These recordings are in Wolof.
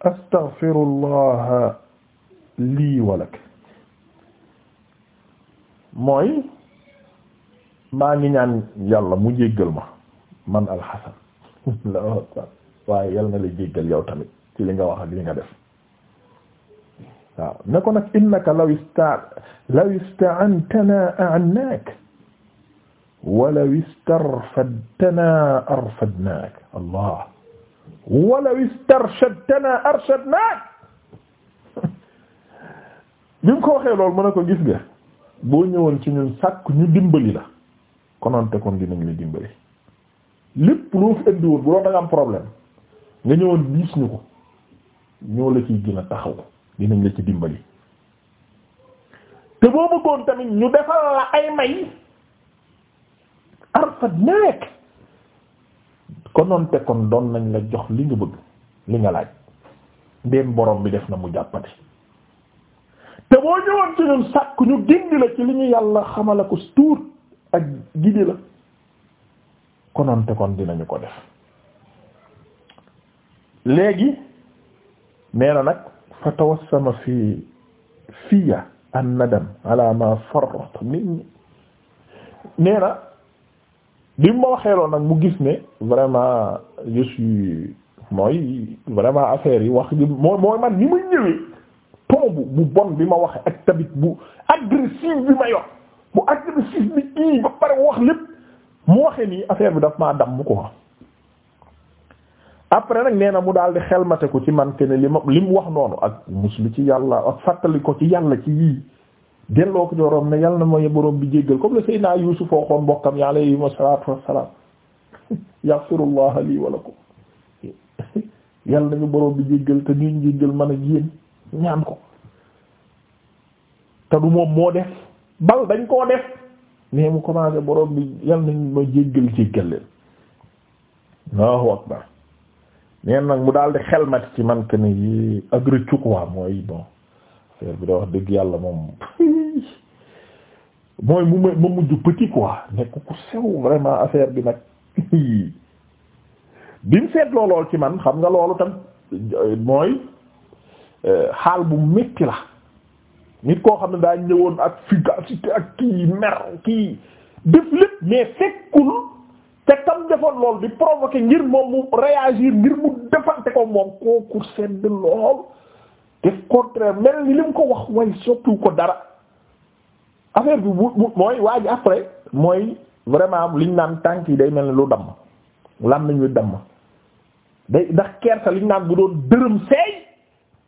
astaghfirullah lii walak mooy maa ngi ñaan yàlla mu jéggal ma man alxasan la waaye yàlla na la jéggal yow tamit ci li nga wax ak li nga def waaw ne ko nag innaka law ista law ista'antana a'annaak wa law istarfadtana arfadnaak allah walaw istarshadtana arshadnaak bi mu ko waxee loolu mën a ko gis nga boo ñëwoon ci ñun sàkk ñu dimbali la konoonte kon dinañ la dimbali lépp loo fi indi woon bu doon da nga am problème nga ñëwoon diis ñu ko ñoo la ciy gën a taxaw dinañ la ci dimbali te boo bëggoon tamit ñu defal la ay may arfad nekk konoon te kon doon nañ la jox li nga bëgg li nga laaj ndéem borom bi def na mu jàppati te boo ñëwoon ci ñun sàkk ñu gindi la ci li ñu yàlla xamala ko tuur ak gindi la konoon te kon dinañu ko def léegi nee na nag fa tawassama fi fiya an nadam ala ma farrat minni nee na bi ma waxee loon nag mu gis ni vraiment je mooy vraiment affaire yi wax ji mooy mooy man ni ma ñëwee tomb bu bon bi ma waxee ak tamit bu agressif bi ma yor bu agressif bi ii ba pare wax lépp mu waxee nii affaire bi daf maa damm ko wax après nag nee na mu daal di xelmate ko ci man te ne li ma li mu wax noonu ak muslu ci yàlla ak fàttali ko ci yàlla ci yii loo ko ci borom ne yal na ma bi jéggal comme le Seydina Yuusuf waxoon mbokkam yi alayhim salaatu wassalaam yaghfirullah lii wa lakum yal nañu borom bi jéggal te ñu jéggal man ak yéen ñaan ko te du moom moo def bal dañ koo def mais mu commencé boroom bi yal nañu ma jéggal jéggal leen Allahu akbar neen nag mu daal di xelmat ci man que ne yi ak rëccu quoi mooy bon affaire bi da wax dëgg yàlla moom mooy mu ma ma mujj petit quoi nekk ku sew vraiment affaire bi nag bi mu seetloo lool ci man xam nga loolu tam euh, mooy euh, xaal bu metti la nit koo xam ne daa ñëwoon ak fugacité ak kii mer kii def lépp mais fekkul te tam defoon loolu di provoquer ngir moom mu réagir ngir mu defante ko moom kooku sedd lool def contraire mel ni li mu ko wax way soppiwu ko dara affaire bi bu bu mooy waa ji après mooy vraiment liñ naan tànk yi day mel ni lu damm lan nañu damm day ndax kersa liñ naan bu doon dërëm seey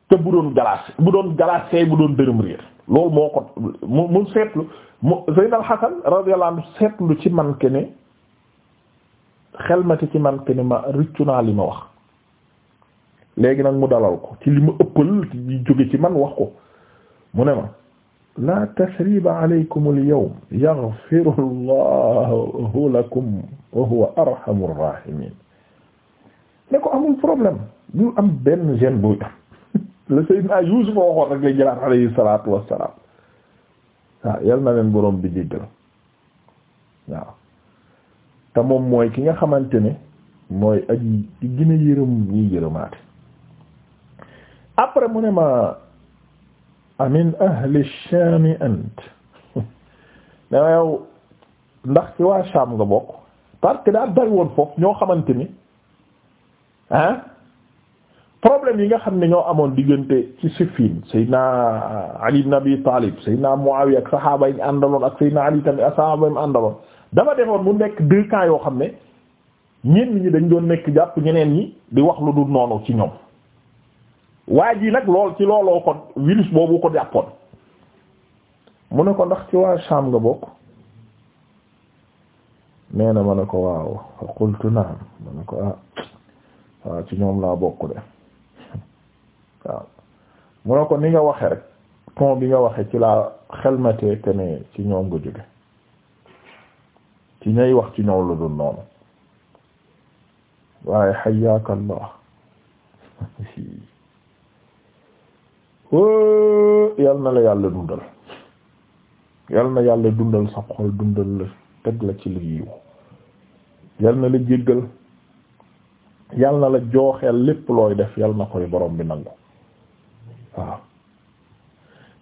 te bu doon galaas bu doon galaas seey bu doon dërëm réer loolu moo ko mu mu seetlu mu Seydina Hasan radiyallahu seetlu ci man ke ne xelmati ci man ke ne ma rëccu naa li ma wax léegi nag mu dalal ko ci li ma ëppal ci jóge ci man wax ko mu ne ma la tasriba alaykum alyawm yaghfiru llahu lakum wa huwa arhamu rrahimin ne amul problème du am benn gene buy am le Seydina Yuusuf waxoon rek la jëlaat alayhi salatu yal na leen boroom bi jéggal waaw moom mooy ki nga xamante ne mooy aji gën a yërëm après mu ne ma amin ahli shaami ant dama yow ndax ci waa Shaam nga bokk parce que daa woon foofu ñoo xamante ni ah problème yi nga xam ne ñoo amoon diggante ci Siffin naa Ali ibn Abi Talib Seydina Muawiya ak saxaaba yi ñu àndaloon ak Seydina Ali tamit ak saxaaba yi mu àndaloon dama defoon bu nekk deux yoo xam ne ñenn ñi dañ doon nekk jàpp ñeneen ñi di wax lu dul noonu ci ñoom waa ji nag lool ci looloo ko virus boobu ko jàppoon mu ne ko ndax ci waa Sham nga bokk nee na ma ko waaw fa qultu naam ma ne ko ah, waaw ci ñoom laa bokk de waaw mu ne ko ni nga waxe rek ton bi nga waxe ci laa xelmatee te ne ci ñoom nga jóge ci ñay wax ci ñoom la dul noonu waaye xayaaka yal na la yàlla dundal yal na yàlla dundal sa xol dundal la teg la ci lu yiw yal na la jéggal yal na la jooxeel lépp looy def yal na koy borom bi nangu waaw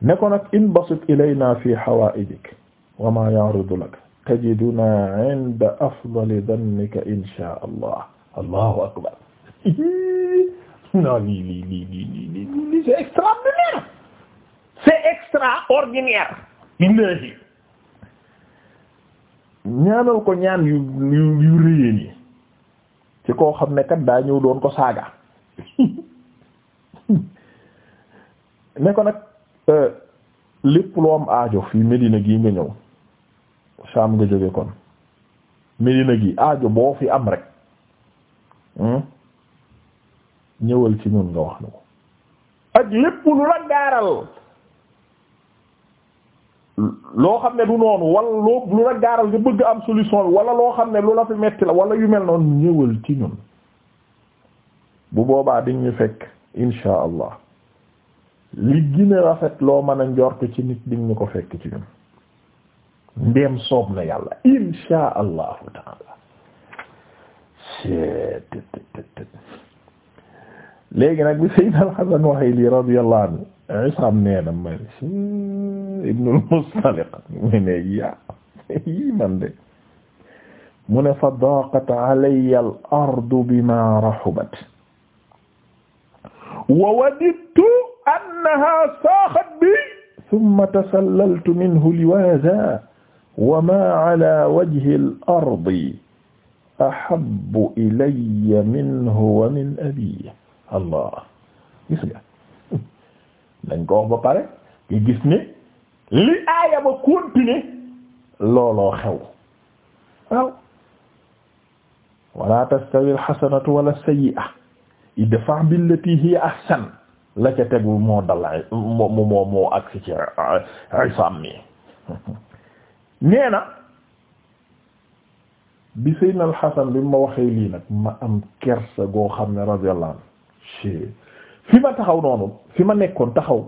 ne ko nag inbasit ilayna fi hawaidik wa ma ya'rudu lak tajiduna 'inda afdali dhannika insha allah allahu akbar non lii lii lii lii lii lii c'est extraordinaire c'est extraordinaire billahi ñaanal ko ñaan yu yu yu rëyeen yi ci koo xam ne kat daa ñëw doon ko saaga ne ko nag euh, lépp loo am aajo fii Medina gii nga ñëw Sham nga jóge kon Medina gi aajo boo fi am rek hmm? ñëwal ci ñun nga wax na ko ak lépp lu la gaaral loo xam ne du noonu wala loo lu la gaaral nga bëgg am solution wala loo xam ne lu la fi metti la wala yu mel noonu ñëwal ci ñun bu boobaa di ñu fekk insha allah li gine a rafet loo mën a njort ci nit di ñu ko fekk ci ñun ndeem soob na yàlla insha allahu taala léegi nag bi Seydina al-Hasan waxee lii radiyallahu anhu Isaam nee na ma Ibnul Mustaliq mu ne yaa yi man de mu ne fa daqat alayya al-ardu bima rahubat wa wadidtu annaha saaxat bi thumma tasallaltu minhu liwaazaa wa maa ala wajhi al-ardi ahabbu ilayya minhu wa min abii allah gis nga dañ ko wax ba pare nga gis ni li aaya ba continuer looloo xew waaw wala tastawi alxasanatu wala sayyi'a idfa' billati hiya ahsan la ca tegu moo dal moo moo agsi ci ah, isaam mi nee na bi sayyidina alxasan bi ma waxee lii nag ma am kersa goo xam ne radiyallahu anhu fi ma taxaw noonu fi ma nekkoon taxaw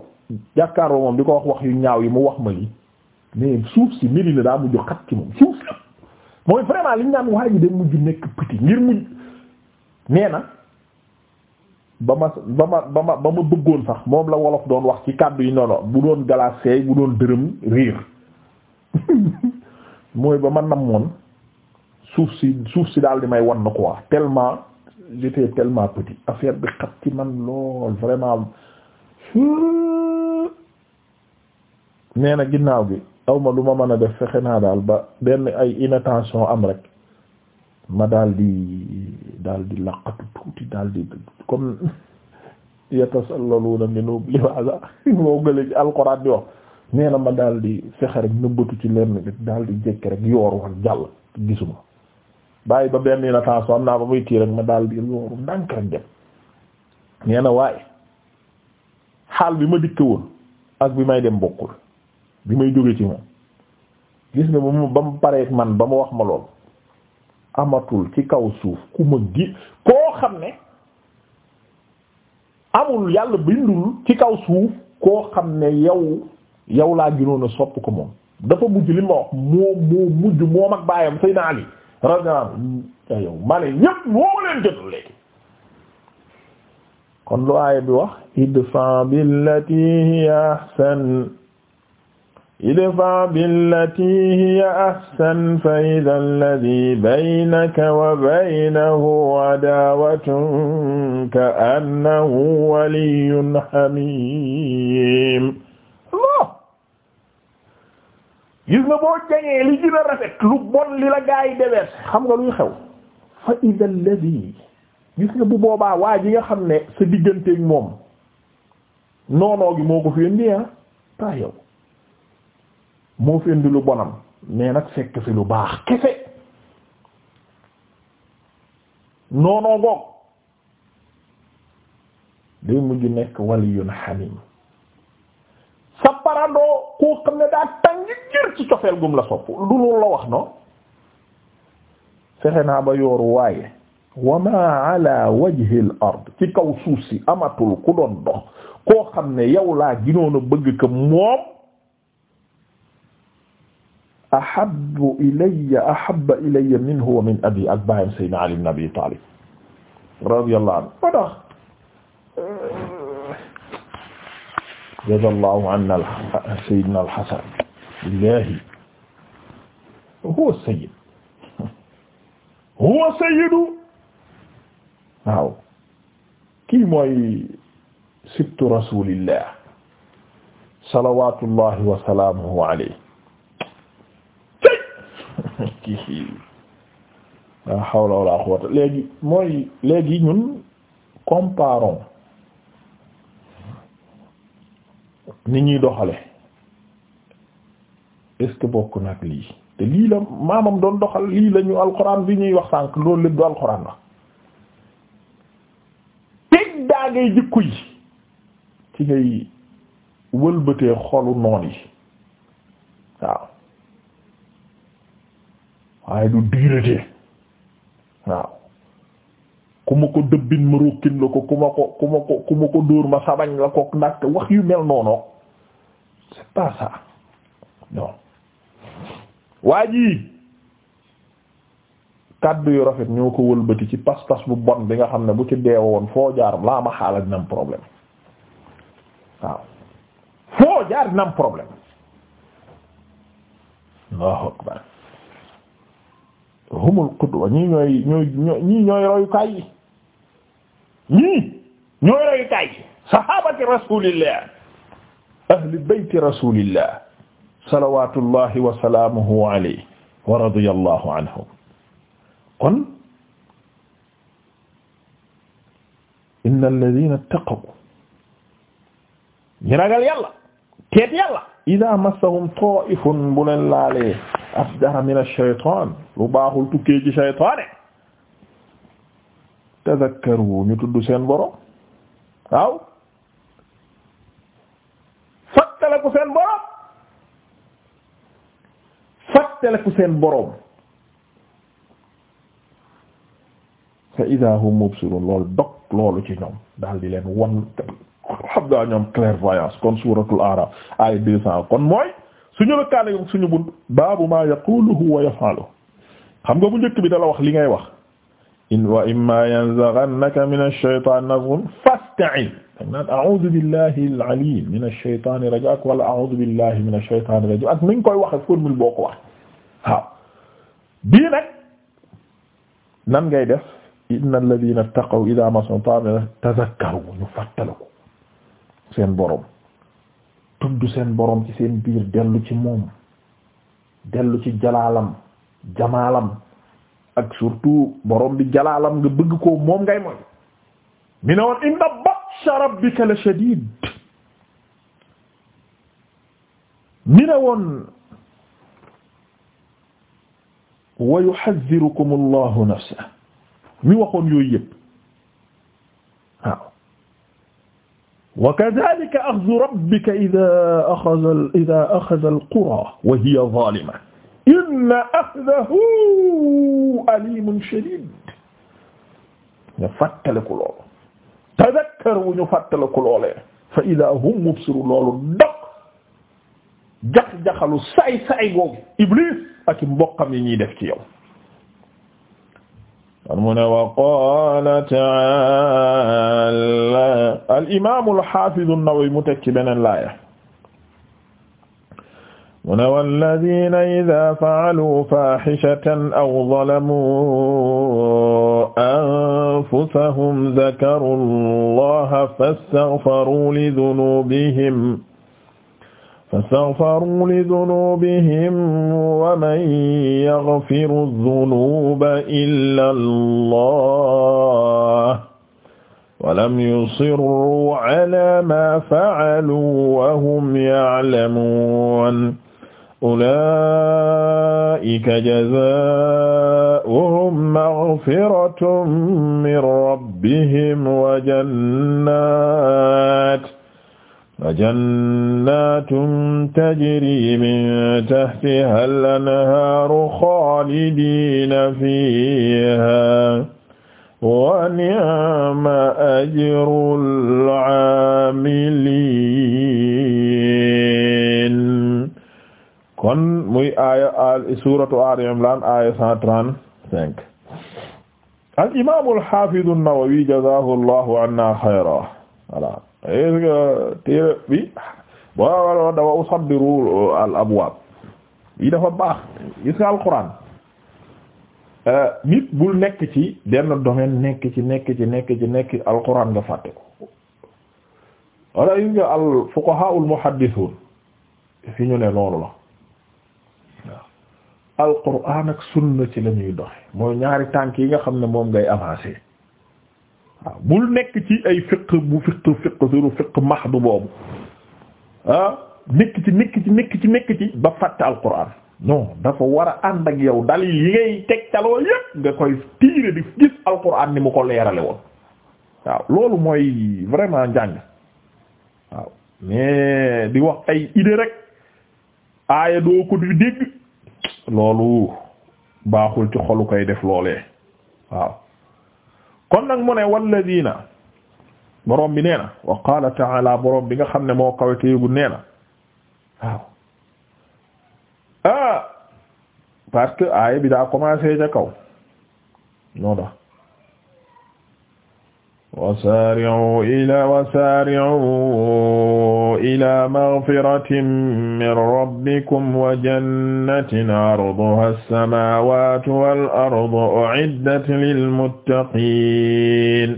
jàkkaaroo moom di ko wax wax yu ñaaw yi mu wax ma lii mais suuf si Médina daa mujj xat ci moom suuf si mooy vraiment naan waa ji de mujj ngir mujj nee na ba ma ba ma ma bëggoon sax moom la wolof doon wax ci kàddu yi noonu bu doon galaas bu doon dërëm riir mooy ba ma namoon suuf si suuf si daal di may wan na quoi tellement j'étais tellement petit affaire bi xat ci man lool vraiment nee na ginnaaw gi awma lu ma mën a def fexe naa daal ba benn ay inattention am rek ma daal di daal di laqatu tuuti daal di comme yatasallaluuna minub libaasa wax nee ma daal di fexe rek nëbbatu ci lenn bi daal di jékki rek yoor war jàll gisuma bàyyi ba benn na attention am naa ba muy tiir ak ma daal di yooru ndànk rek dem nee waaye xaal bi ma dikke woon ak bi may dem bokkul bi may jóge ci moom gis nga ba mu ba mu man ba mu wax ma lool amatul ci kaw suuf ku ma gi koo xam ne amul yàlla bindul ci kaw suuf koo xam ne yow yow laa gënoon a sopp ko moom dafa mujj li ma wax moo moo mujj moom ak baayam Seydina Ali rajaam yow male ñépp moo leen jotul léegi kon lu aaya bi wax idfa billati hiya ahsan idfa billati hiya ahsan fa idha alladhi baynaka wa baynahu adawatun ka annahu waliyyun hamim gis nga boo jañee li gën a rafet lu bon li la gaa yi dewees xam nga luy xew fa ida alladi gis nga bu boobaa waa ji nga xam ne sa digganteeg moom noonoo gi moo ko fi indi ah yow moo fi lu bonam mais nag fekk fi lu baax kese noonoo goog day mujj nekk waliyun hamim farandoo koo ne daa tàngi jër ci cofeel gum la du loolu la wax no fexe naa ba yooru waaye wa ma ala wajhi al ard ci kaw suuf si amatul ku doon dox koo xam ne yow laa ginoon a bëgg ko moom ahabbu ilayya ahabba ilayya wa min abi ak baayam sayyidina ali ibn abi talib radiyallahu anhu jazallahu anna sayyidina al-Hasan billahi huwa sayyid huwa sayyidu waaw kii mooy sibtu rasulillah salawatullahi wa salaamuhu alayhi kii la hawla wala quwwata léegi mooy léegi ñun comparons ni ñuy doxale est-ce bokk nag lii te lii la maamam doon doxal lii la alxuraan bi ñuy wax sànq loolu lépp du alxuraan la teg daa ngay jikko yi ci ngay wëlbatee xolu noon yi waaw waaye du diiratee waaw ku ma ko dëbbin ma rokkin la ko ku ma ko ku ma ko dóor ma sabañ la ko ndaxte wax yu mel noonook c'est pas waa ji kaddu yu rafet ñoo ko wëlbati ci pas-pas bu bon bi nga xam ne bu ci deewoon foo jaar laa ma xaala dina problème waaw foo jaar dina problème Allahu akbar humul ñii ñooy ñooy ñii ñooy royukaay yi ñii ñooy royukaay yi sahabati rasulillah ahli bayti rasulillah salawatullahi wa salaamuhu alayhi wa radiyallahu anhum kon inna alladhina ittaqaw ñi ragal yàlla teet yàlla ida massahum ta'ifun bu leen laalee afdara min ash-shaytan lu baaxul tukkee ci shaytaane tadhakkaru ñu tudd seen borom waaw fàttaliku seen borom fàttaliku seen borom fa idaa hum mubsirun loolu dog loolu ci ñoom daal di leen wan xam daa ñoom clairvoyance kon suuratul Aaraaf ay deux cent kon mooy suñu la kaane yoog suñu bunt baabu maa yaquluhu wa yaf'aluhu xam nga bu njëkk bi dala wax li ngay wax in wa imma yanzaghannaka minash shaytaani nazghun fasta'in dag naan a'udhu billahi al-ali min ash-shaytani rajim ak wala a'udhu billahi min ash-shaytani rajim ak ni nga koy waxe formule boo ko wax waaw bii nag nan ngay def inna alladhina ittaqaw idha massahum ta'un tadhakkaru ñu fàttaliku seen borom tudd seen borom ci seen biir dellu ci moom dellu ci jalaalam jamaalam ak surtout borom bi jalaalam nga bëgg ko moom ngay mooy mi ne woon inna batsha rabbika la shadid mi ne woon wa yuhadhirukum allahu nafsa mi waxoon yooyu yëpp waaw wa kadhalika akhdhu rabbika idha akhadha idha akhadha alqura wa hiya zalima inna akhdahu alimun shadid nga fàttaliku loolu tadakkaru ñu fàttaliku loolee fa idaa hum mubsiru loolu dog jax jaxalu saay saay googu iblis ak mboqam yi ñuy def ci yow kon mu ne wa qaala ta'aala al imaam al haafiz an-Nawawi mu tekki beneen laaya mu ne wallaziina idaa fa'aluu faahishatan aw zalamuu anfusahum dhakaru allaha fastaghfaru lidhunubihim fastaghfaru lidhunubihim wa man yaghfiru dhunuba illa allah walam yusirru ala ma fa'alu wa hum ya'lamun ulaa'ika jazaa'uhum maghfiratun min rabbihim wa jannaat wa jannaatun tajrii min tahtihaa al-anhaaru xaalidiina fiihaa wa ni'ma ajrul aamiliin kon muy aaya suratu Ali Imran aaya cent trente-cinq al imam al hafiz an-Nawawi jazahu allahu anna xayra voilà est dafa al abwaab yi dafa baax gis nga alquran euh, nit bul nekk ci benn domaine nekk ci nekk ci nekk ci nekk alquran nga fàtte ko wala al fuqaha al muhaddithun fi ñu ne loolu la alquran ak sunna ci la ñuy doxe mooy ñaari tànk yi nga xam ne moom ngay avancer waaw bul nekk ci ay fiq bu fiq fiq suru fiq mahdu boobu ah nekk ci nekk ci nekk ci nekk ci ba fàtte alquran non dafa war a ànd ak yow dal yi ngay tegtaloo yépp nga koy tiire di gis alquran ni mu ko leerale woon waaw loolu mooy vraiment njàng waaw mais di wax ay idée rek aaya doo ko di dégg loolu baaxul ci xolu koy def loolee waaw kon nag mu ne walladina borom bi nee wa qaala taala bi nga xam ne moo kawete yëgul nee na waaw ah parce que aaya bi daa commencé ca kaw noo da ila wasari'u ila maghfiratin min rabbikum wa jannatin arduha as-samawatu wal ardu u'iddat lil muttaqin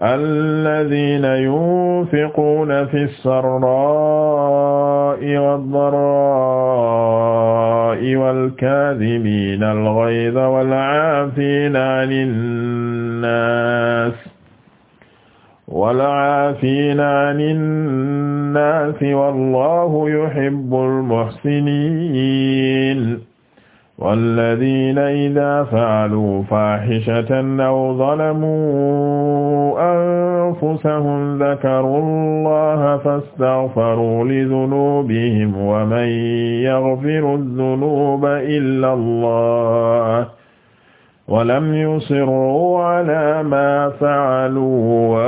alladhina yunfiquna fi s-sarra'i wad-dharra'i wal kadhibina al-ghayza wal 'afina 'anil nas walaafiina ani nnaasi wallaahu yuhibbul muhsiniin walladiina idaa fa'aluu faaxishatan aw zalamuu anfusahum dakaruu llaaha fastaghfaruu lidunuubihim wa man yaghfiru dunuuba illaa llaah wa lam yusirruu alaa maa fa'aluu wa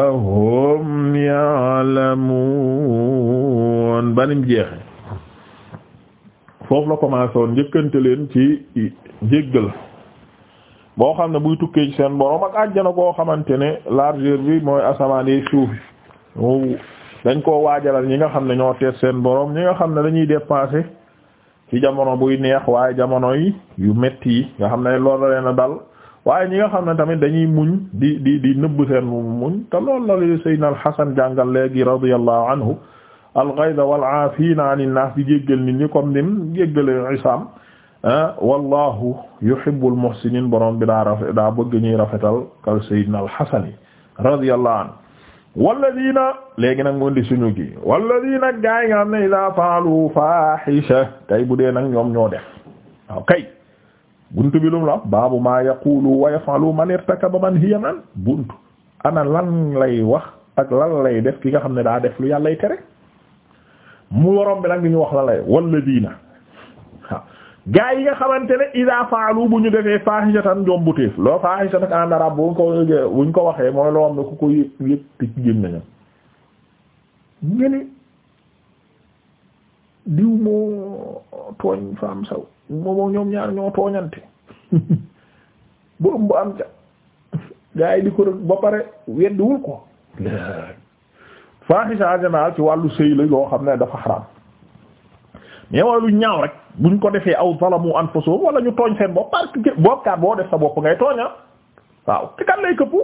an banim jeexe foofu la commencé woon njëkkante leen ci jéggal boo xam ne buy tukkee seen borom ak àjjana koo xamante ne largeur bi mooy asamaan yi suuf dañ koo waajalal ñi nga xam ne ñoo tees seen borom ñi nga xam ne dañuy dépasser ci jamono buy neex waaye jamono yi yu metti yi nga xam ne loolu la leen a dal waaye ñi nga xam ne tamit dañuy muñ di di di nëbb seen muñ te loolu na li Seydina Al Hasan jàngal léegi radiyallahu anhu al-ghayza wal-'aafiina 'ani n-naas di jéggal nit ñi comme nim jéggale Isaam ah, wallahu yuhibbul muhsiniin borom bi daa rafet daa bëgg ñuy rafetal ka Sayyidina al-Hasan radiyallahu anhu walladina léegi nag mu indi suñu gi walladina gaa yi nga xam ne idaa faalu faahisha kay bu dee nag ñoom ñoo def waaw kay buntu bi lum la baabu maa yaqulu wa yafalu man irtakaba man hiya man buntu ana lan lay wax ak lan lay def ki nga xam ne daa def lu yàllay tere mu waroon bi nag li ñu wax la lay walladina waaw gaa yi nga xamante ne ida faalu bu ñu defee faahishatan njombuteef loo faahishatan en arabe buñ ko buñ ko waxee mooy loo xam ne ku ko yëg yëg te ci génn nañu ngeen diw moo tooñ faam saw moo ñoom ñaar ñoo tooñante bu ëmb am ca gaa yi di ko ba pare weddiwul ko faaxisa en général ci wàllu sëy la loo xam ne dafa xaraam mais lu ñaaw rek buñ ko defee aw zalamu anfusum wala ñu tooñ seen bopp parce que bokkaat boo def sa bopp ngay tooña ah. waaw këppu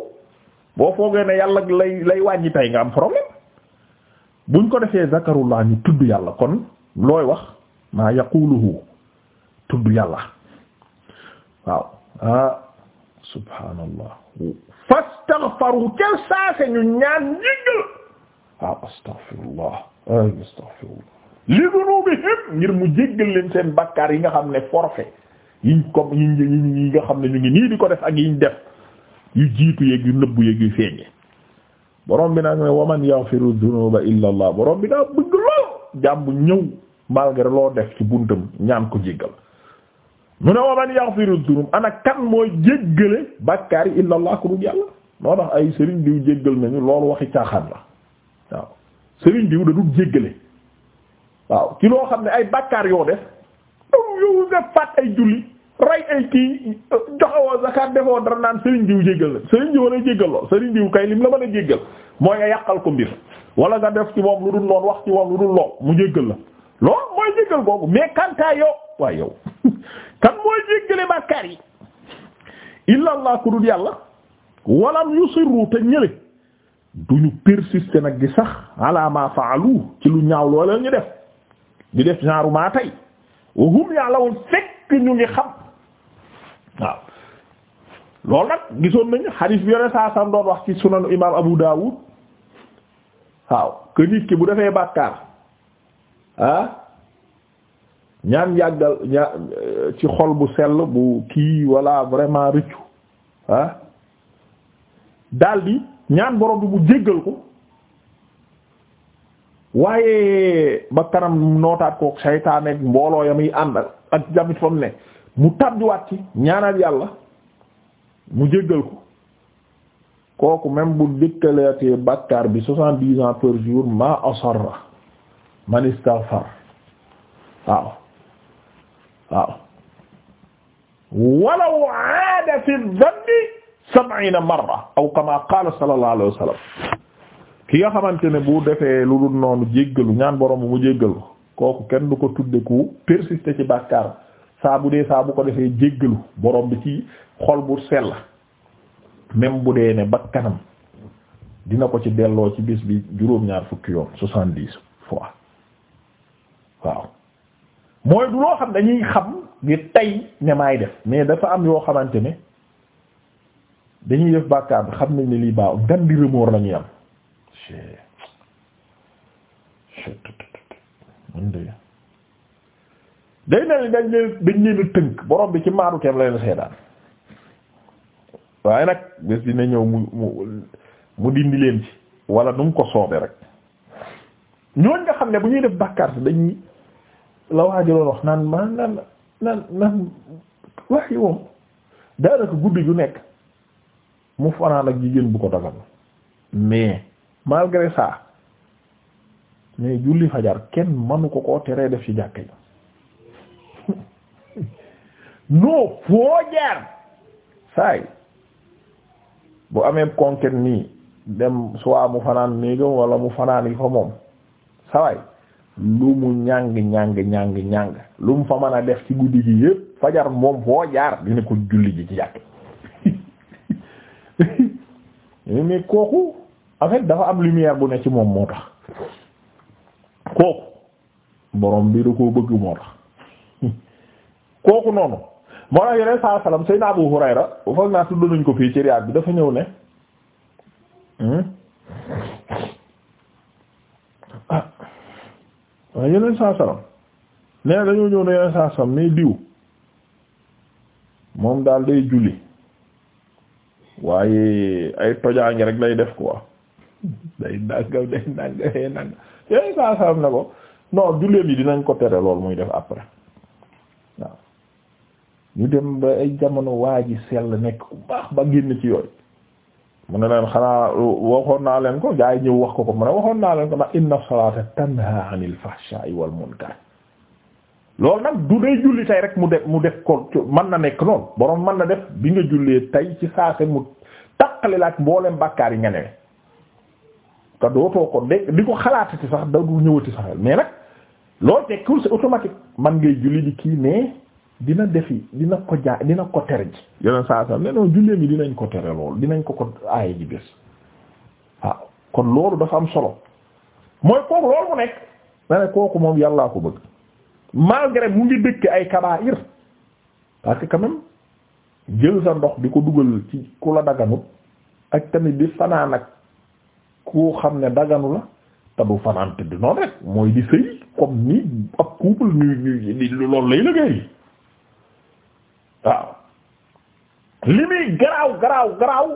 boo foogee ne yàlla lay lay wàññi tay nga am problème buñ ko defee zakarullah ñu tudd yàlla kon looy wax maa yaquluhu tudd yàlla waaw ah subhaanallah fastaghfaru kenn saase ñu ñaan njiggal waaw ah, astaghfirullah ay astaghfirullah li ngir mu jéggal leen seen bakkaar yi nga xam ne forfait yiñ comme yi nga xam ne ñu ngi nii di ko def ak yiñ def yu jiitu yeeg yu nëbbu yeeg yu feeñe borom bi nag ne waman yaghfiru dunuba illa borom bi daa bëgg lool jàmm ñëw malgré loo def ci buntam ñaan ko jéggal mu ne waman yaghfiru dunub ana kan mooy jéggale bakkaar yi illa allah ku yàlla moo tax ay sëriñ diw jéggal nañu loolu waxi caaxaan la waaw sëriñ diw da dul jéggale waaw ci loo xam ne ay bàkkaar yoo def yow yow nga faat ay julli ray ay kii joxewoo zakat defoo dara naan sëriñ diw jéggal la sëriñ diw lay jéggal lool sëriñ diw kay lim la mën a jéggal mooy nga yàqal ko mbir wala lool wax ci moom lu dul lool mu jéggal la lool mooy jéggal googu mais kantaa yow waaye yow kan mooy jéggale bàkkaar yi illa allah ku dul yàlla walam yusirru te ñële duñu persister nag gi sax ala faalu ci lu ñaaw looleen ñu def di def genre maa tey wa hum ya'lamun fekk ñu ngi xam waaw loolu nag gisoon nañu hadith bi yone saa sam doon wax ci sunanu imam Abu Dawud waaw que ki bu defee bàkkaar ah ñaan yàggal ña ci xol bu sell bu kii walla vraiment rëccu ah daldi ñaan borom bi mu jéggal ko waaye ba kanam nootaat ko saytaan ak mbooloo ya muy ànd ak jamit fa mu ne mu tàbbiwaat ci ñaanal yàlla mu jéggal ko kooku même bu dëkkaleetee bàkkaar bi soixante-dix ans par jour ma asarra man istaghfar waaw waaw walaw aada fi dhanbi sab'ina marra aw kama qaala sallallahu alayhi wa ki nga xamante ne bu defee lu dul noonu jéggalu ñaan borom bu mu jéggalu kooku kenn du ko tudd ku persister ci bàkkaar saa bu dee saa bu ko defee jéggalu borom bi ci xol bu sell même bu dee ne bakkanam dina ko ci delloo ci bis bi juróom-ñaar fukki yoon soixante-dix fois waaw mooy du loo xam dañuy xam ngir tey ne maay def mais dafa am yoo xamante ne dañuy def bàkkaar bi xam nañ ni lii baaxul gan di remords la ñuy am day mel dañ leen dañ leen tënk borom bi ci maaruteem la leen seedaan waaye nag bés dina ñëw mu mu mu dindi leen ci wala nu mu ko soobee rek ñooñ nga xam ne bu ñuy def bàkkaar si dañuy la waajaloon wax naan maa naan naan naan wax yi moom daanaka guddi yu nekk mu fanaan ak jigéen bu ko dagan mais malgré ça mais julli fajar kenn manu ko koo teree def ci jàkka yi non foo jaar saay bu amee conquête nii dem soit mu fanaan néegam wala mu fanaan yi fa moom saway lu mu ñàng ñàng ñàng ñàng lu mu fa mën a def ci guddi gi yépp fajar moom foo jaar dina ko julli ji ci jàkk mais kooku en dafa am lumière bu ne ci moom moo tax kooku borom bi da koo bëgg moo tax kooku noonu moo tax yeneen saa salaam Seydina Abu Hurayra foog naa tudd nañ ko fii ci Riyad bi dafa ñëw ne hmm? ah waaye yeneen saa salaam nee dañoo ñëw ne yeneen saa salaam mais diw moom daal day julli. waaye ay tojaange rek lay def quoi day nangaw day nangawe nanga yooyu saa saam ne ko non julleem yi dinañ ko tere lool muy def après waaw ñu dem ba ay jamono waa ji sell nekk ku baax ba génn ci yooyu mu ne leen xanaa waxoon naa leen ko gaa ñëw wax ko ko mu ne waxoon naa leen ko ndax inna salata tanha anil fahsha'i wal munkar lool nag du day julli rek mu def mu def ko man na nekk noonu boroom man na def bi nga jullee tey ci saase mu takkale la ak mboolem bàkkaar yi nga newee te dootoo ko de di ko xalaatati sax da du ñëwati saxel mais nag loolu tekkul c'est automatique man ngay julli di kii mais dina defi dina ko jaa dina ko tere ji yeneen saa saa ne noonu jullee mi dinañ ko tere loolu dinañ ko ko aaye ji bés waaw kon loolu dafa am solo mooy kooku loolu mu nekk na kooku moom yàllaa ko bëgg malgré mu ngi dëkk ay kabaa'ir parce que jël sa ndox bi ko dugal ci ku la daganut ak tamit di fanaan ak koo xam ne daganu la te du fanaan tëdd noonu rek mooy di sëy comme ni ak couple ñuy ñuy loolu lay liggéey waaw li muy garaaw garaaw garaaw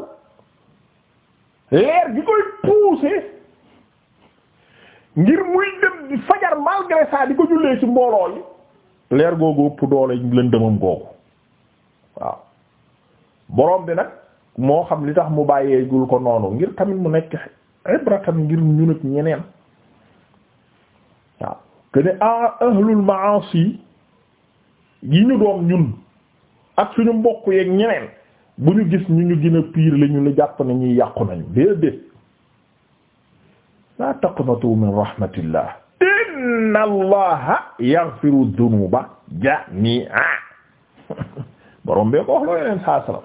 leer gi koy pousser ngir muy dem fajar malgré ça di ko jullee ci mbooloo leer googu ëpp doole lëndëmam googu waaw borom bi nag moo xam li tax mu bàyyee bàyyeegul ko noonu ngir tamit mu nekk ibratan ngir ñun ak ñeneen waaw que ne ahlul maasi yi ñu doom ñun ak suñu mbokk yeeg ñeneen bu ñu gis ñu ñu gën a pire la ñu la jàpp ne yàqu nañu déedéet la taqnatu min rahmatillah inna allaha yaghfiru dhunuba jami'a borom bee ko wax loo yeneen saa sallam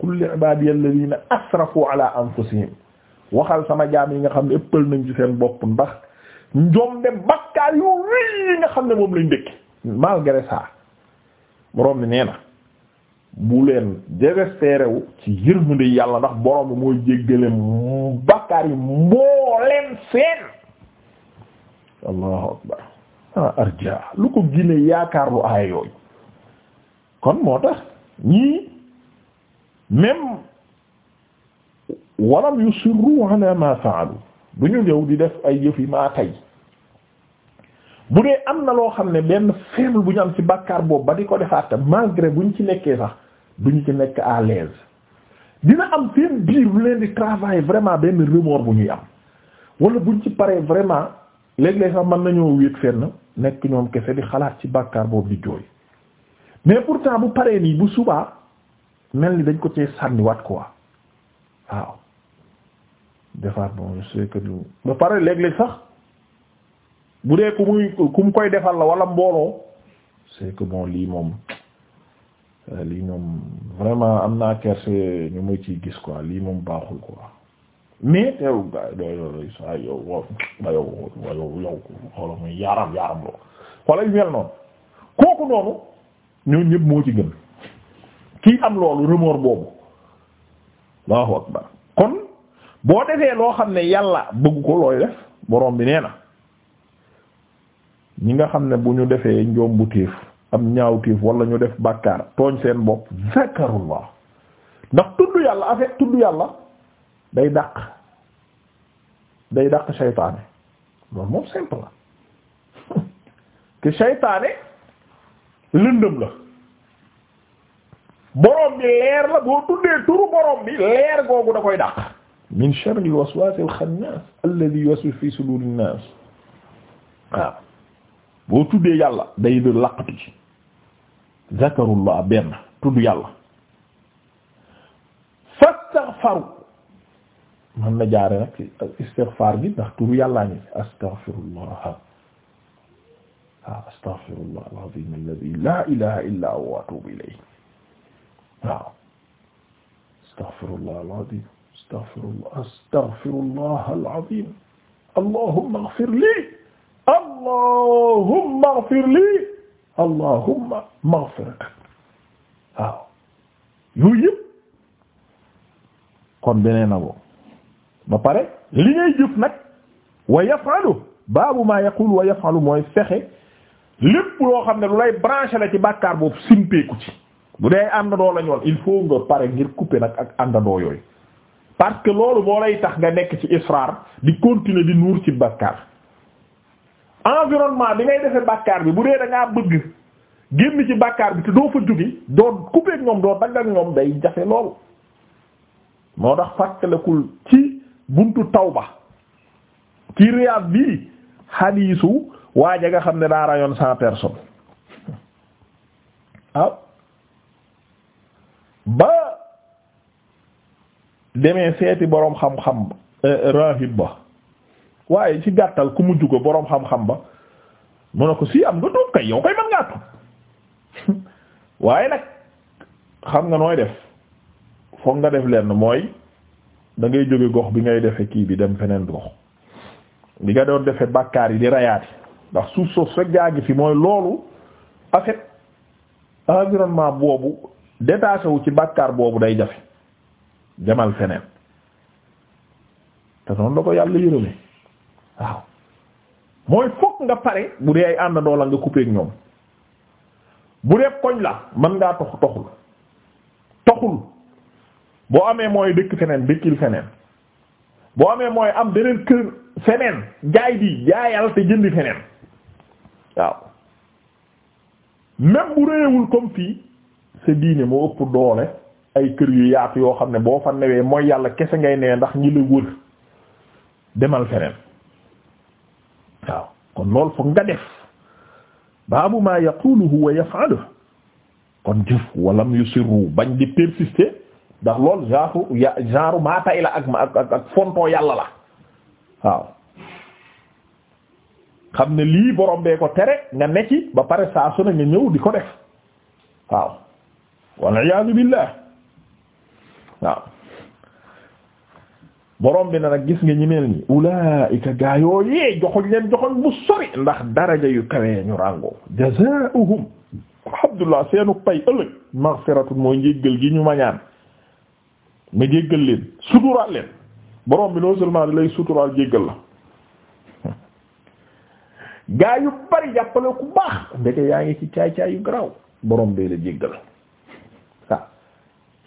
kulli ibadiya alladhina asrafu ala anfusihim waxal sama jaam yi nga xam ne ëppal nañ ci seen bopp ndax njombe bakkaar yu rëy yi nga xam ne moom lañ dëkk malgré ça borom bi nee na bu leen désespéré wu ci yërmande yàlla ndax boroomu bi mooy jéggale bakkaar yi moo leen seen allahu akbar ah arja lu ko gine yaakaar lu aaya yooyu kon moo tax ñii même walam yusirru ala ma faalu du ñu ñëw di def ay yëf yi maa tey bu dee am na loo xam ne benn faible bu ñu am ci bàkkaar boobu ba di ko defaat malgré buñ ci nekkee sax ñu ci nekk à l'aise dina am seen biir bu leen di travail vraiment benn remords bu ñuy am wala buñ ci paree vraiment léeg-léeg sax mën nañoo wéet fenn nekk ñoom kese di xalaat ci bàkkaar boobu di jooy mais pourtant bu paree nii bu subaa mel ni dañ ko cee sànniwaat quoi waaw defaat bon je que du ba pare léeg-léeg sax bu dee ku muy ku mu koy defal la wala mbooloo c'est que bon lii moom Euh, lii ñoom vraiment am naa kerse ñu ma ciy gis quoi lii moom baaxul quoi mais teew ga doy saa yow wo ba yow wa yow yow xoola muy yaaram yaaram loo xoola yu mel noonu kooku noonu ñoo ñëpp moo ci gën kii am loolu remords boobu Allahu akbar kon boo defee loo xam ne yàlla bëgg ko looy def borom bi nee na ñi nga xam ne bu ñu defee njoom bu téef am ñaaw ñaawteef wala ñu def bàkkaar tooñ seen bopp zakarullah ndax tudd yàlla en tudd yàlla day dàq day dàq seytaane loolu moom simple la que seytaane lëndëm la borom bi leer la boo tuddee turu borom bi leer googu da koy dàq min sharri al waswasil khannas alladhi yuwaswisu fi sudurin nas waaw boo tuddee yàlla day de laqatu ci zakarullah benn tudd yàlla fastaghfaru man na jaare nag ci istighfar bi ndax turu yàllaa ngi astaghfirullah waaw astaghfirullah alazim alladhi la ilaha illa huwa atubu ilayhi waaw astaghfirullah alazim astaghfirullah astaghfirullah alazim allahumma ighfir li allahumma ighfir lii allahumma maghfiratak waaw yooyu yëpp kon beneen na boobu ba pare li ngay jëf nag wa yaf'alu baabu ma yaqul wa yaf'alu mooy fexe lépp loo xam ne lu lay branché la ci bàkkaar boobu simpeeku ci bu dee àndandoo la ñoon il faut nga pare ngir couper nag ak àndandoo yooyu parce que loolu moo lay tax nga nekk ci israr di continuer di nuur ci bàkkaar environnement bi ngay defee bàkkaar bi bu dee da ngaa bëgg génn ci bàkkaar bi te doo fa jóge doo coupé ñoom doo dagg ak ñoom day jafe loolu moo tax fàttalekul ci buntu tawba ci Riyad bi xadiisu waa ja nga xam ne daa rayoon cent personnes waaw ba demee seeti boroom xam-xam eh, rahib ba waaye ci gàttal ku mujj ko boroom xam-xam ba mu ne ko si am nga tuub kay yow koy mën ngaa waaye nag xam nga nooy def foog nga def lenn mooy da ngay jóge gox bi ngay defe kii bi dem feneen gox bi nga doon defe bàkkaar yi di rayaati ndax suuf soof sa jaagi fi mooy loolu en fait environnement boobu détaché ci bàkkaar boobu day jafe demal feneen te noonu la ko yàlla yërëme waaw mooy fokk nga pare bu dee ay àndandoo la nga coupé ñoom bu dee koñ la man ngaa tox toxul toxul boo amee mooy dëkk feneen dëkkil feneen boo amee mooy am beneen kër feneen jaay bi jaayal te jëndi feneen waaw même bu réewul comme fii sa diine moo ëpp doole ay kër yu yaat yoo xam ne boo fa newee mooy yàlla kese ngay newee ndax ñi la wër demal feneen waaw kon lool foog nga def baabu ma yaquluhu wa yaf'aluhu kon jëf walam yusirru bañ di persister ndax lool genre ma ak ak fonto yàlla la waaw ne lii borom bee ko tere nga nekki ba pare saa su nga ñëw di ko def waaw wal iyaadu billah waaw borom bi na nag gis nga ñi mel ni ulaika gaa yooyee joxoñ leen joxoñ bu sori ndax daraja yu kawee ñu ràngoo jazaa'uhum alhamdulillah seenu pay ëllëg maghfiratun mooy njéggal gi ñu mañaan ma jéggal leen suturaal leen borom bi non seulement lay suturaal jéggal la gaa yu bari jàppale ku baax ndeke yaa ngi ci caay caay yu garaaw borom bee la jéggal waaw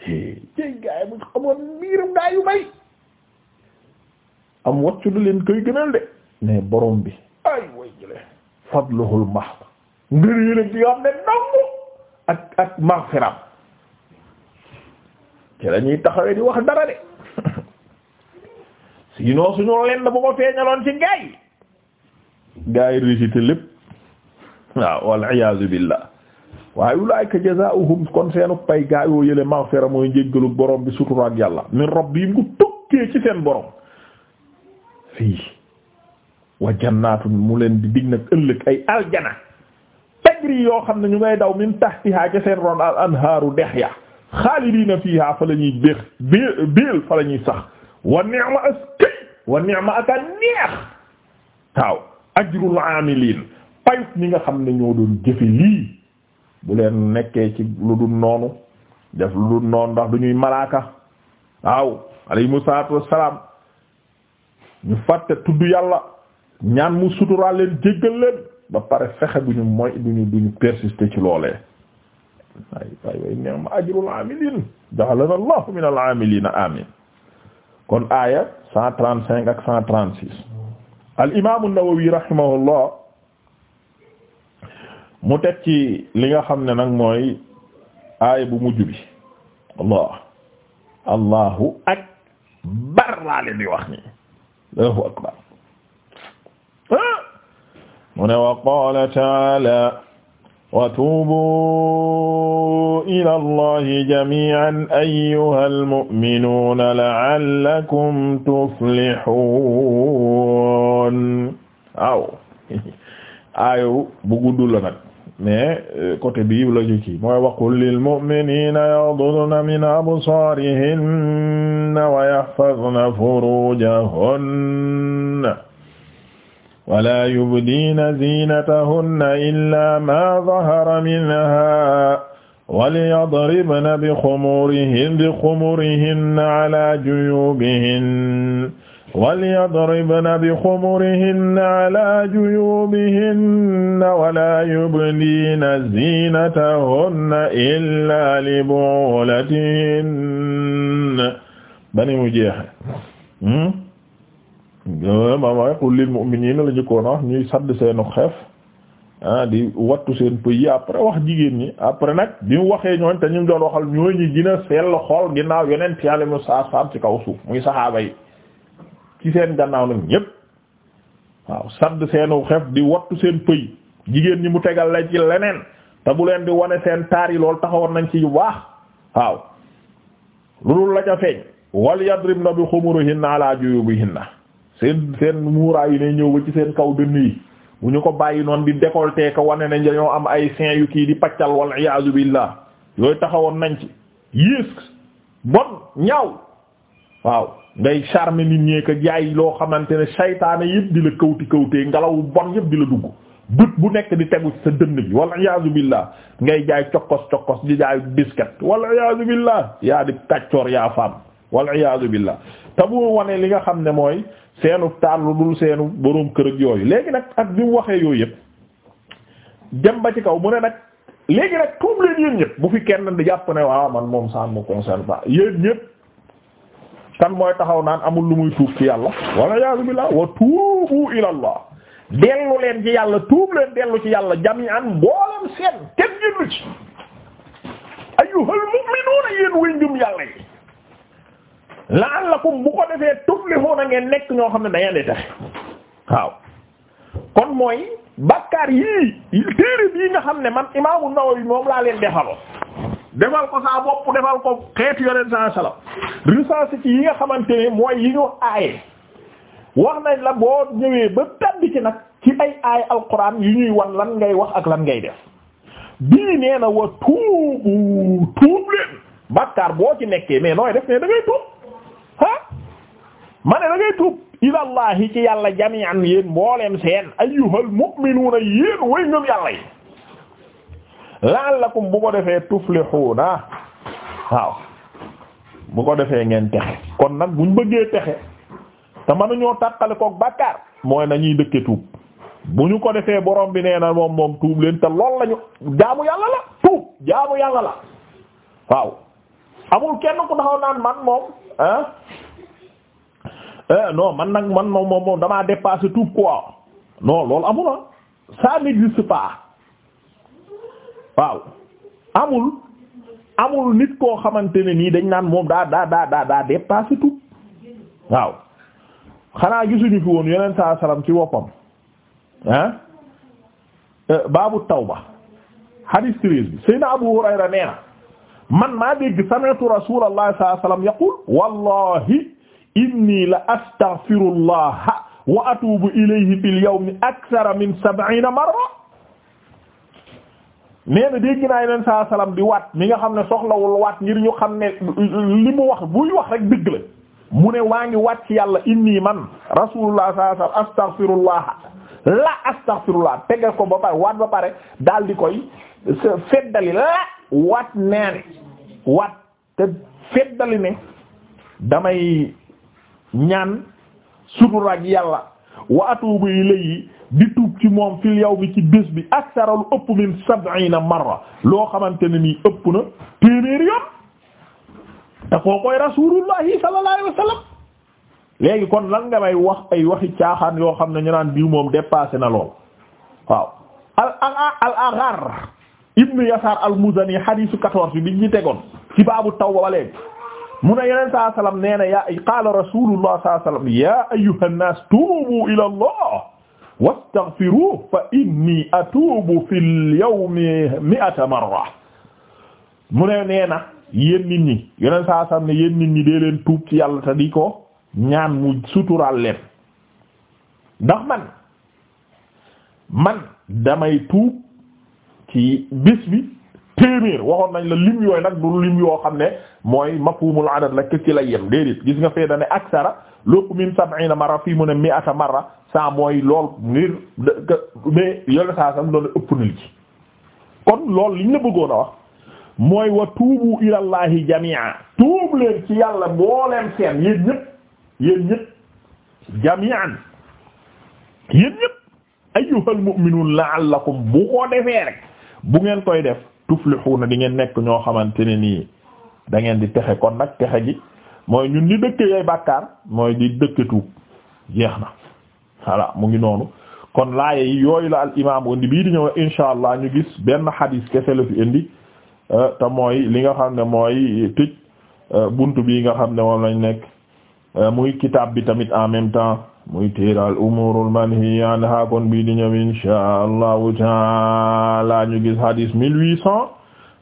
jéeg gaa mu xamoon mbirum gaa yu am waccu du leen koy gënal de mais borom bi ay way jëlee fadluhul mahd ngir yénag di am ne nangu ak ak maghfiram ci la ñuy taxawee di wax dara de sinon suñu lenn bu ko feeñaloon ci gaay gaay récité lépp waaw wal iyaazu billah waaye ulaayka jazaa'uhum kon seenu pay gaayoo yële maghfira mooy njéggalu borom bi suturaak yàlla min rabbihim gu tukkee ci seen borom fii wa jannaatun mu leen di dig nag ëllëg ay aljana tajri yoo xam ne ñu ngay daw min tahtiha ca seen ron al anhaaru dex ya xaalidina fiha fa la ñuy bée béel fa la sax wa ni'ma askay wa ni'ma neex waaw ajrul amilin payut ñi nga xam ne ñoo doon jëfe lii bu leen nekkee ci lu dul noonu def lu dul noonu ndax du ñuy malaaka waaw alayhimu salaatu wassalaam ñu fàtte tudd yàlla ñaan mu suturaal leen jéggal leen ba pare fexe bu ñu mooy bu ñu bu ñu ci loolee ay ay way neex ma ajrul amilin ja'alana al amilina amin kon aaya cent trente cinq ak cent trente six al imaamu Nawawi rahimahullah mu teg ci li nga xam ne nag mooy aaya bu mujj bi allah allahu akbar laa leen di wax nii Allahu akbar mu ne wa qaala ta'aala wa tuubu ila Allahi jamii'an ayyuhal mu'minuuna la'allakum tuflihuun aw aayu bu gudd la nag mais euh, côté bi la jukki mooy waqul lil mu'minina yaghdudna min absarihinna wa yahfazna furujahunna wala yubdina zinatahunna illa ma dhahara minha waliyadribna bi khumurihinna bi khumurihinna ala juyubihinna walyadribna bixumurihinna ala juyubihinna wala yubdiina ziinatahunna illaa libuulatihinna bani mu jeexe hmm? ma may qul lil mu'miniina la njëkkoon wax ñuy sadd seenu xef ah di wattu seen pëy yi après wax jigéen ñi après nag bi mu waxee ñooñ te ñu doon waxal ñooñu gën a sell xol ginnaaw yonent Yàlla mu saar saar ci kaw suuf muy saxaaba yi ci seen gannaaw nag ñépp waaw sadd seenu xef di wattu seen pëy jigéen ñi mu tegal la ci leneen te bu leen di wane seen taar yi lool taxawoon nañ ci yu baax waaw lu dul la ca feeñ wal yadribna bi xumurihinna ala juyubihinna seen seen muuraay yi ne ñëw ba ci seen kaw dënn yi bu ñu ko bàyyi noonu di décolleté ko wane na dañoo am ay seins yu kii di paccal wal iyaazu billah yooyu taxawoon nañ ci yées bon ñaaw waaw ngay charmer nit ñee ko jaay loo xamante ne saytaane yëpp di la kawti kawtee ngelawu bon yëpp di la dugg dut bu nekk di tegu ci sa dënn bi wala iyaazu billah ngay jaay cokkos cokkos di jaay biscuit wala iyaazu billah yaa di kàccoor yaa faam wala iyaazu billah te bu wane li nga xam ne mooy seenu taal lu dul seenu boroom kër ak yooyu léegi nag ak bi mu waxee yooyu yëpp dem ba ci kaw mu ne nag léegi nag tuub leen yéen ñëpp bu fi kenn di jàpp ne waaw man moom ça me ñëpp. kan mooy taxaw naan amul lu muy tuub ci yàlla wala yaa billah wa tuubu ila dellu leen ci yàlla tuub leen dellu ci yàlla jami'an mboolem seen kenn génn ci ayyuhal mu'minuuna yéen way ngëm yàlla yi la'allakum bu ko defee tuflihuuna ngeen nekk ñoo xam ne da ngeen di tax waaw kon mooy bakkaar yii téere bii nga xam ne man imaamu Nawawi moom laa leen defaloo defal ko saa bopp defal ko xeet yone saa salaam recensé ci yi nga xamante ne mooy yi ñu aaye wax nañ la boo ñëwee ba tabbi ci nag ci ay aay alquran yu ñuy wan lan ngay wax ak lan ngay def bii nee na wa tuubu tuub leen bàkkaar boo ci nekkee mais nooy def ne da ngay tuub ah ma ne da tuub ilallahi ci yàlla jami'an yéen mbooleem seen ayyuhal mu'minuuna yéen way ngëm yàlla yi laal la'allakum bu ko defee tuflihuna waaw bu ko defee ngeen texe kon nag buñ bëggee texe te mënuñoo tàqale koog bàkkaar mooy nañuy dëkke tuub bu ñu ko defee borom bi nee na moom moom tuub leen te lool lañu jaamu yàlla la tuub jaamu yàlla la waaw amul kenn ku taxaw naan man moom ah non man nag man moom moom damaa dépasser tuub quoi non loolu amul ah ça n'existe pas waaw amul nit koo xamante ne nii dañ naan moom daa daa daa daa daa dépassé tout waaw xanaa gisuñu fi woon yeneen saa salaam ci woppam ah euh, baabu tawba hadith treize bi Seydina Abu Hurayra nee man maa dégg sami'tu Rasulullah sallallahu alayhi wasallam yaqul wallahi inni la astaghfirullah wa atubu ilayhi fil yawmi akthara min sab'ina marra nee na dégg naa yeneen saa salaam di waat mi nga xam ne soxlawul waat ngir ñu xam ne li mu wax buy wax rek dëgg la mu ne waa ngi waat ci yàlla inni man rasulullah saa salaam astaghfirullah la astaghfirullah tegal ko ba pare waat ba pare daal di koy feddali la waat nee waat te feddali ne damay ñaan sutura ak yàlla wa atubu ilayhi di tuub ci moom fil yawmi ci bés bi aksara lu ëpp min sab'ina marra loo xamante ne nii ëpp na téeméeri yoon te koo koy rasulullahi sallallahu wasallam léegi kon lan nga may wax ay waxi caaxaan yoo xam ne ñu naan bii moom dépassé na loo waaw al al al aghar ibnu yasar al muzani hadisu bi biñ ñu tegoon ci baabu tawba ba mu ne yeneen saa salaam nee na yaa qaala rasulullah sallallahu alayhi wasallam yaa ayyuhan nas tuubu ila allah wastaghfiruhu fa inni atuubu fil yawmi mi'ata marra mu ne nee na yéen nit ñi yeneen saa sam ne yéen nit ñi dee leen tuub ci yàlla te ñaan mu suturaal leen ndax man man damay tuub ci bis bi téeméer waxoon nañ la lim yooyu nag du lim yoo xam ne mooy mafhumul adad la ki ci lay yem déedéet gis nga fee dane aksara lépp min sab'ina marra fii mu ne mi'ata marra saa mooy lool ngir mais yole saa sam doon ëpp na li kon loolu li la bëggoon a wax mooy wa tuubu ilallahi jami'a tuub leen ci yàlla mbooleem seen yéen ñëpp yéen ñëpp jami'an yéen ñëpp ayyuhal mu'minun la'allakum bu ko defee rek bu ngeen koy def tuflihuna di ngeen nekk ñoo xamante ne nii da ngeen di texe kon nag texe gi mooy ñun ni dëkk yooyu bàkkaar mooy di dëkke tuub jeex na voilà mu ngi noonu kon laaye yi yooyu la al imam indi bii di ñëw insha allah ñu gis benn xadis kese la fi indi euh, te mooy li nga xam ne mooy tëj euh, bunt bi nga xam ne moom lañ nekk euh, muy kitaab bi tamit en même temps muy téere al umuurul manhi anha kon bii di ñëw insha allahu taala ñu gis xadis mille huit cent